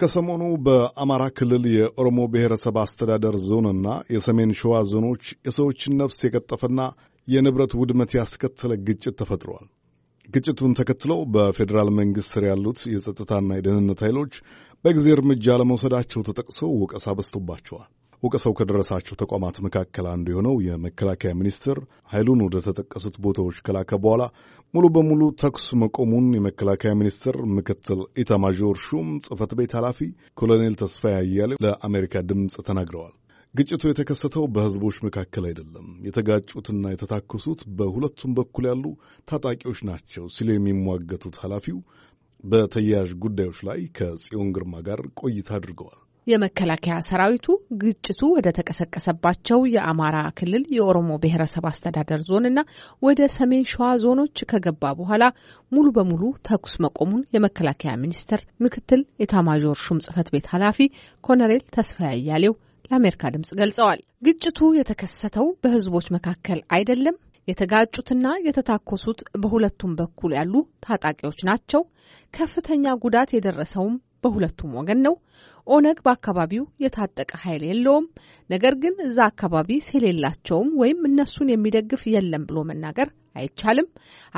ከሰሞኑ በአማራ ክልል የኦሮሞ ብሔረሰብ አስተዳደር ዞንና የሰሜን ሸዋ ዞኖች የሰዎችን ነፍስ የቀጠፈና የንብረት ውድመት ያስከተለ ግጭት ተፈጥሯል። ግጭቱን ተከትለው በፌዴራል መንግሥት ስር ያሉት የጸጥታና የደህንነት ኃይሎች በጊዜ እርምጃ ለመውሰዳቸው ተጠቅሶ ወቀሳ በስቶባቸዋል። ወቀሳው ከደረሳቸው ተቋማት መካከል አንዱ የሆነው የመከላከያ ሚኒስቴር ኃይሉን ወደ ተጠቀሱት ቦታዎች ከላከ በኋላ ሙሉ በሙሉ ተኩስ መቆሙን የመከላከያ ሚኒስቴር ምክትል ኢታማዦር ሹም ጽህፈት ቤት ኃላፊ ኮሎኔል ተስፋዬ አያሌው ለአሜሪካ ድምፅ ተናግረዋል። ግጭቱ የተከሰተው በህዝቦች መካከል አይደለም፣ የተጋጩትና የተታከሱት በሁለቱም በኩል ያሉ ታጣቂዎች ናቸው ሲሉ የሚሟገቱት ኃላፊው በተያያዥ ጉዳዮች ላይ ከጽዮን ግርማ ጋር ቆይታ አድርገዋል። የመከላከያ ሰራዊቱ ግጭቱ ወደ ተቀሰቀሰባቸው የአማራ ክልል የኦሮሞ ብሔረሰብ አስተዳደር ዞን እና ወደ ሰሜን ሸዋ ዞኖች ከገባ በኋላ ሙሉ በሙሉ ተኩስ መቆሙን የመከላከያ ሚኒስቴር ምክትል ኤታማዦር ሹም ጽህፈት ቤት ኃላፊ ኮሎኔል ተስፋዬ አያሌው ለአሜሪካ ድምጽ ገልጸዋል። ግጭቱ የተከሰተው በህዝቦች መካከል አይደለም። የተጋጩትና የተታኮሱት በሁለቱም በኩል ያሉ ታጣቂዎች ናቸው። ከፍተኛ ጉዳት የደረሰውም በሁለቱም ወገን ነው። ኦነግ በአካባቢው የታጠቀ ኃይል የለውም። ነገር ግን እዛ አካባቢ ስለሌላቸውም ወይም እነሱን የሚደግፍ የለም ብሎ መናገር አይቻልም።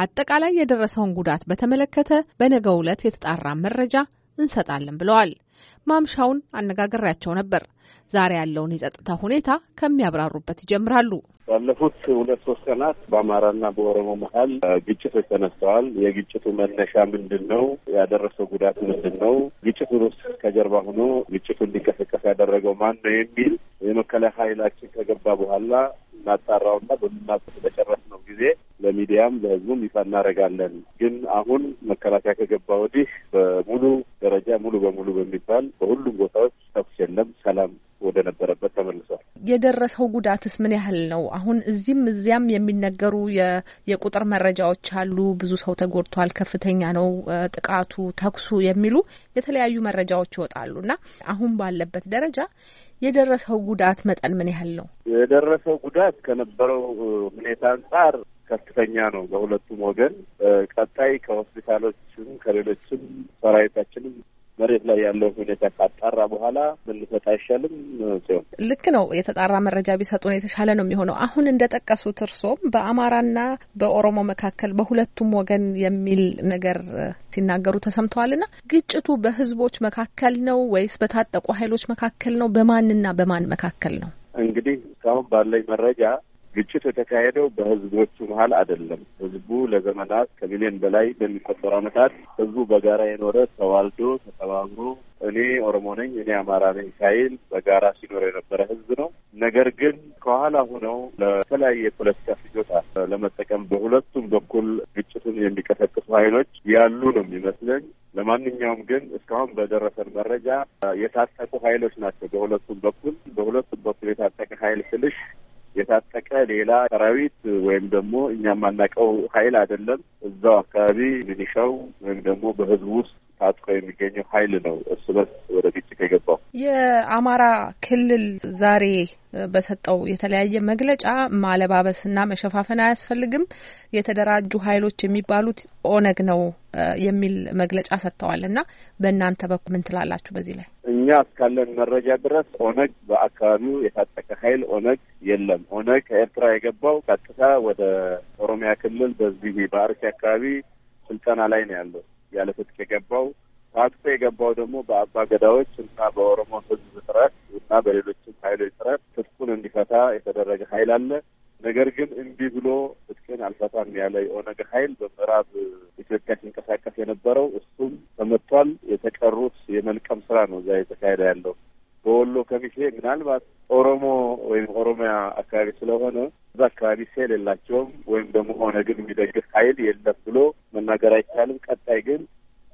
አጠቃላይ የደረሰውን ጉዳት በተመለከተ በነገው ዕለት የተጣራ መረጃ እንሰጣለን ብለዋል። ማምሻውን አነጋግሬያቸው ነበር። ዛሬ ያለውን የጸጥታ ሁኔታ ከሚያብራሩበት ይጀምራሉ። ባለፉት ሁለት ሶስት ቀናት በአማራና በኦሮሞ መሀል ግጭቶች ተነስተዋል። የግጭቱ መነሻ ምንድን ነው? ያደረሰው ጉዳት ምንድን ነው? ግጭቱን ውስጥ ከጀርባ ሆኖ ግጭቱ እንዲቀሰቀስ ያደረገው ማን ነው የሚል የመከላከያ ኃይላችን ከገባ በኋላ እናጣራውና በምናውቅ በጨረስነው ጊዜ ለሚዲያም ለህዝቡም ይፋ እናደርጋለን። ግን አሁን መከላከያ ከገባ ወዲህ በሙሉ ደረጃ ሙሉ በሙሉ በሚባል በሁሉም ቦታዎች ተኩስ የለም። ሰላም ወደ ነበረበት ተመልሷል። የደረሰው ጉዳትስ ምን ያህል ነው? አሁን እዚህም እዚያም የሚነገሩ የቁጥር መረጃዎች አሉ። ብዙ ሰው ተጎድቷል፣ ከፍተኛ ነው ጥቃቱ፣ ተኩሱ የሚሉ የተለያዩ መረጃዎች ይወጣሉ እና አሁን ባለበት ደረጃ የደረሰው ጉዳት መጠን ምን ያህል ነው? የደረሰው ጉዳት ከነበረው ሁኔታ አንጻር ከፍተኛ ነው በሁለቱም ወገን። ቀጣይ ከሆስፒታሎችም ከሌሎችም ሰራዊታችንም መሬት ላይ ያለው ሁኔታ ካጣራ በኋላ መልሰጥ አይሻልም ሲሆን ልክ ነው። የተጣራ መረጃ ቢሰጡን የተሻለ ነው የሚሆነው። አሁን እንደጠቀሱት እርሶም በአማራና በኦሮሞ መካከል በሁለቱም ወገን የሚል ነገር ሲናገሩ ተሰምተዋልና ግጭቱ በህዝቦች መካከል ነው ወይስ በታጠቁ ኃይሎች መካከል ነው? በማንና በማን መካከል ነው? እንግዲህ እስካሁን ባለኝ መረጃ ግጭቱ የተካሄደው በህዝቦቹ መሀል አይደለም። ህዝቡ ለዘመናት ከሚሊዮን በላይ በሚቆጠሩ ዓመታት ህዝቡ በጋራ የኖረ ተዋልዶ ተጠባብሮ እኔ ኦሮሞ ነኝ እኔ አማራ ነኝ ሳይል በጋራ ሲኖር የነበረ ህዝብ ነው። ነገር ግን ከኋላ ሆነው ለተለያየ የፖለቲካ ፍጆታ ለመጠቀም በሁለቱም በኩል ግጭቱን የሚቀሰቅሱ ኃይሎች ያሉ ነው የሚመስለኝ። ለማንኛውም ግን እስካሁን በደረሰን መረጃ የታጠቁ ኃይሎች ናቸው በሁለቱም በኩል በሁለቱም በኩል የታጠቀ ኃይል ስልሽ የታጠቀ ሌላ ሰራዊት ወይም ደግሞ እኛ የማናውቀው ኃይል አይደለም። እዛው አካባቢ ሚኒሻው ወይም ደግሞ በህዝቡ ውስጥ ታጥቆ የሚገኘው ኃይል ነው እርስ በርስ ወደ ግጭት የገባው። የአማራ ክልል ዛሬ በሰጠው የተለያየ መግለጫ ማለባበስና መሸፋፈን አያስፈልግም፣ የተደራጁ ኃይሎች የሚባሉት ኦነግ ነው የሚል መግለጫ ሰጥተዋል እና በእናንተ በኩል ምን ትላላችሁ በዚህ ላይ? እኛ እስካለን መረጃ ድረስ ኦነግ በአካባቢው የታጠቀ ኃይል ኦነግ የለም። ኦነግ ከኤርትራ የገባው ቀጥታ ወደ ኦሮሚያ ክልል በዚህ በአርሲ አካባቢ ስልጠና ላይ ነው ያለው ያለ ትጥቅ የገባው ታጥቆ የገባው ደግሞ በአባ ገዳዎች እና በኦሮሞ ህዝብ ጥረት እና በሌሎችም ሀይሎች ጥረት ትጥቁን እንዲፈታ የተደረገ ሀይል አለ። ነገር ግን እምቢ ብሎ ትጥቅን አልፈታም ያለ የኦነግ ሀይል በምዕራብ ኢትዮጵያ ሲንቀሳቀስ የነበረው እሱም ተመቷል። የተቀሩት የመልቀም ስራ ነው እዛ የተካሄደ ያለው። በወሎ ከሚሴ ምናልባት ኦሮሞ ወይም ኦሮሚያ አካባቢ ስለሆነ እዛ አካባቢ ሴል የላቸውም ወይም ደግሞ ኦነግን የሚደግፍ ሀይል የለም ብሎ መናገር አይቻልም። ቀጣይ ግን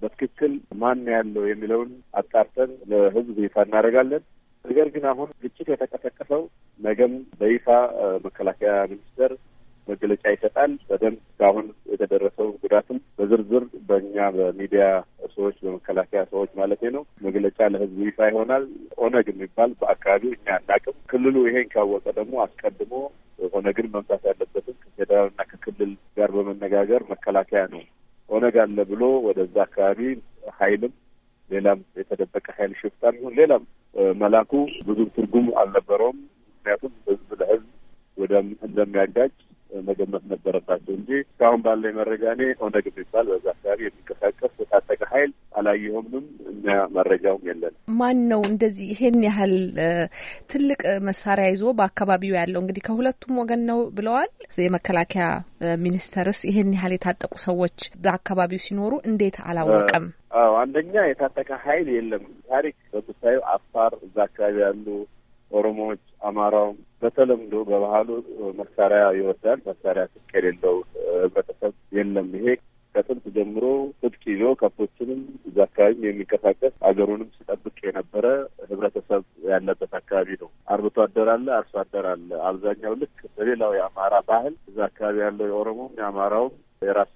በትክክል ማን ያለው የሚለውን አጣርተን ለህዝብ ይፋ እናደርጋለን። ነገር ግን አሁን ግጭት የተቀሰቀሰው ነገም በይፋ መከላከያ ሚኒስቴር መግለጫ ይሰጣል። በደንብ እስካሁን የተደረሰው ጉዳትም በዝርዝር በእኛ በሚዲያ ሰዎች በመከላከያ ሰዎች ማለት ነው መግለጫ ለህዝቡ ይፋ ይሆናል። ኦነግ የሚባል በአካባቢው እኛ አናውቅም። ክልሉ ይሄን ካወቀ ደግሞ አስቀድሞ ኦነግን መምጣት ያለበትም ከፌዴራልና ከክልል ጋር በመነጋገር መከላከያ ነው ኦነግ አለ ብሎ ወደዛ አካባቢ ኃይልም ሌላም የተደበቀ ኃይል ሽፍታ ይሁን ሌላም መላኩ ብዙ ትርጉም አልነበረውም። ምክንያቱም ህዝብ ለህዝብ ወደ እንደሚያጋጭ መገመት ነበረባቸው እንጂ እስካሁን ባለ መረጃ እኔ ኦነግ የሚባል በዛ አካባቢ የሚንቀሳቀስ የታጠቀ ኃይል አላየሁምንም እና መረጃውም የለን። ማን ነው እንደዚህ ይሄን ያህል ትልቅ መሳሪያ ይዞ በአካባቢው ያለው? እንግዲህ ከሁለቱም ወገን ነው ብለዋል። የመከላከያ ሚኒስተርስ ይሄን ያህል የታጠቁ ሰዎች በአካባቢው ሲኖሩ እንዴት አላወቀም? አዎ አንደኛ የታጠቀ ኃይል የለም። ታሪክ በምታዩ አፋር እዛ አካባቢ ያሉ ኦሮሞዎች፣ አማራው በተለምዶ በባህሉ መሳሪያ ይወዳል። መሳሪያ ትጥቅ የሌለው ህብረተሰብ የለም። ይሄ ከጥንት ጀምሮ ትጥቅ ይዞ ከብቶችንም እዛ አካባቢም የሚንቀሳቀስ አገሩንም ሲጠብቅ የነበረ ህብረተሰብ ያለበት አካባቢ ነው። አርብቶ አደር አለ፣ አርሶ አደር አለ። አብዛኛው ልክ በሌላው የአማራ ባህል እዛ አካባቢ ያለው የኦሮሞም የአማራውም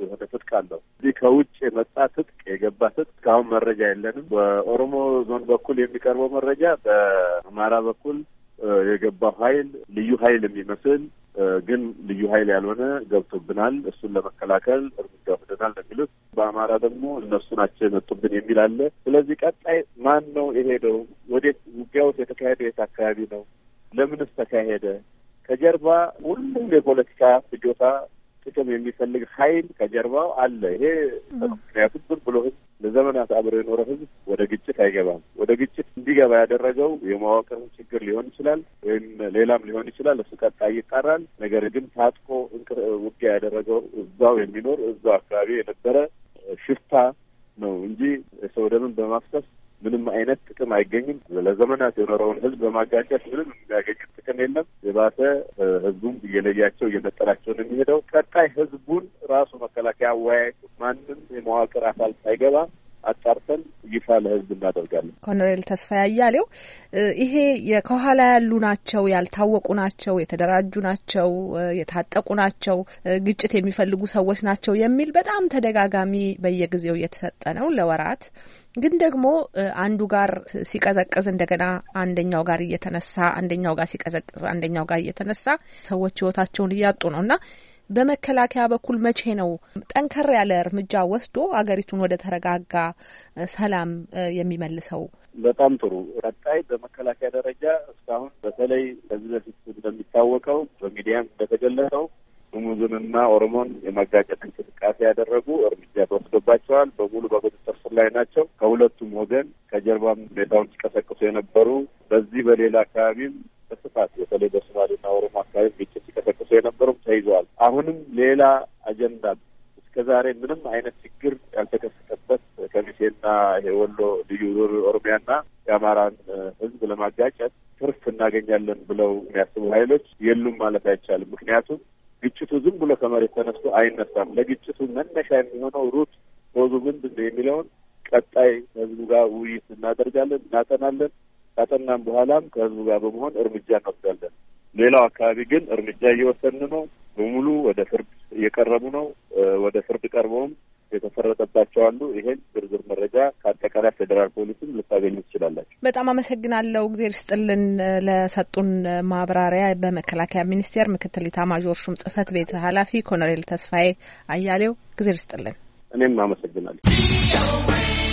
የሆነ ትጥቅ አለው። እዚህ ከውጭ የመጣ ትጥቅ የገባ ትጥቅ እስካሁን መረጃ የለንም። በኦሮሞ ዞን በኩል የሚቀርበው መረጃ በአማራ በኩል የገባው ኃይል ልዩ ኃይል የሚመስል ግን ልዩ ኃይል ያልሆነ ገብቶብናል፣ እሱን ለመከላከል እርምጃ ወስደናል ለሚሉት በአማራ ደግሞ እነሱ ናቸው የመጡብን የሚል አለ። ስለዚህ ቀጣይ ማን ነው የሄደው? ወዴት ውጊያውስ የተካሄደ የት አካባቢ ነው? ለምንስ ተካሄደ? ከጀርባ ሁሉም የፖለቲካ ፍጆታ ጥቅም የሚፈልግ ኃይል ከጀርባው አለ። ይሄ ምክንያቱም ዝም ብሎ ህዝብ ለዘመናት አብሮ የኖረ ህዝብ ወደ ግጭት አይገባም። ወደ ግጭት እንዲገባ ያደረገው የመዋቅር ችግር ሊሆን ይችላል፣ ወይም ሌላም ሊሆን ይችላል። እሱ ቀጣይ ይጣራል። ነገር ግን ታጥቆ ውጊያ ያደረገው እዛው የሚኖር እዛው አካባቢ የነበረ ሽፍታ ነው እንጂ ሰው ደምን በማፍሰስ ምንም አይነት ጥቅም አይገኝም። ለዘመናት የኖረውን ህዝብ በማጋጨት ምንም የሚያገኙት ጥቅም የለም። የባሰ ህዝቡም እየለያቸው እየነጠላቸው ነው የሚሄደው። ቀጣይ ህዝቡን ራሱ መከላከያ አወያየቱ ማንም የመዋቅር አካል ሳይገባ አጣርተን ይፋ ለህዝብ እናደርጋለን። ኮሎኔል ተስፋ ያያሌው ይሄ ከኋላ ያሉ ናቸው፣ ያልታወቁ ናቸው፣ የተደራጁ ናቸው፣ የታጠቁ ናቸው፣ ግጭት የሚፈልጉ ሰዎች ናቸው የሚል በጣም ተደጋጋሚ በየጊዜው እየተሰጠ ነው ለወራት ግን ደግሞ አንዱ ጋር ሲቀዘቅዝ እንደገና አንደኛው ጋር እየተነሳ አንደኛው ጋር ሲቀዘቅዝ አንደኛው ጋር እየተነሳ ሰዎች ህይወታቸውን እያጡ ነው እና በመከላከያ በኩል መቼ ነው ጠንከር ያለ እርምጃ ወስዶ አገሪቱን ወደ ተረጋጋ ሰላም የሚመልሰው? በጣም ጥሩ። ቀጣይ በመከላከያ ደረጃ እስካሁን በተለይ ከዚህ በፊት እንደሚታወቀው በሚዲያም እንደተገለጸው ሙዝንና ኦሮሞን የመጋጨት እንቅስቃሴ ያደረጉ እርምጃ ተወስዶባቸዋል። በሙሉ በቁጥጥር ስር ላይ ናቸው። ከሁለቱም ወገን ከጀርባም ሁኔታውን ሲቀሰቅሱ የነበሩ በዚህ በሌላ አካባቢም በስፋት በተለይ በሶማሌና ኦሮሞ አካባቢ ግጭት ሲቀሰቅሱ የነበሩም ተይዘዋል። አሁንም ሌላ አጀንዳ እስከ ዛሬ ምንም አይነት ችግር ያልተከሰተበት ከሚሴና የወሎ ልዩ ዞን ኦሮሚያና የአማራን ህዝብ ለማጋጨት ትርፍ እናገኛለን ብለው የሚያስቡ ኃይሎች የሉም ማለት አይቻልም። ምክንያቱም ግጭቱ ዝም ብሎ ከመሬት ተነስቶ አይነሳም። ለግጭቱ መነሻ የሚሆነው ሩት ሆዙ ምንድን ነው የሚለውን ቀጣይ ህዝቡ ጋር ውይይት እናደርጋለን፣ እናጠናለን። ካጠናም በኋላም ከህዝቡ ጋር በመሆን እርምጃ እንወስዳለን። ሌላው አካባቢ ግን እርምጃ እየወሰድን ነው። በሙሉ ወደ ፍርድ እየቀረቡ ነው። ወደ ፍርድ ቀርበውም የተፈረጠባቸው አሉ። ይሄን ዝርዝር መረጃ ከአጠቃላይ ፌዴራል ፖሊስም ልታገኙ ትችላላችሁ። በጣም አመሰግናለሁ። እግዜር ስጥልን ለሰጡን ማብራሪያ። በመከላከያ ሚኒስቴር ምክትል ኢታማዦር ሹም ጽህፈት ቤት ኃላፊ ኮሎኔል ተስፋዬ አያሌው እግዜር ስጥልን። እኔም አመሰግናለሁ።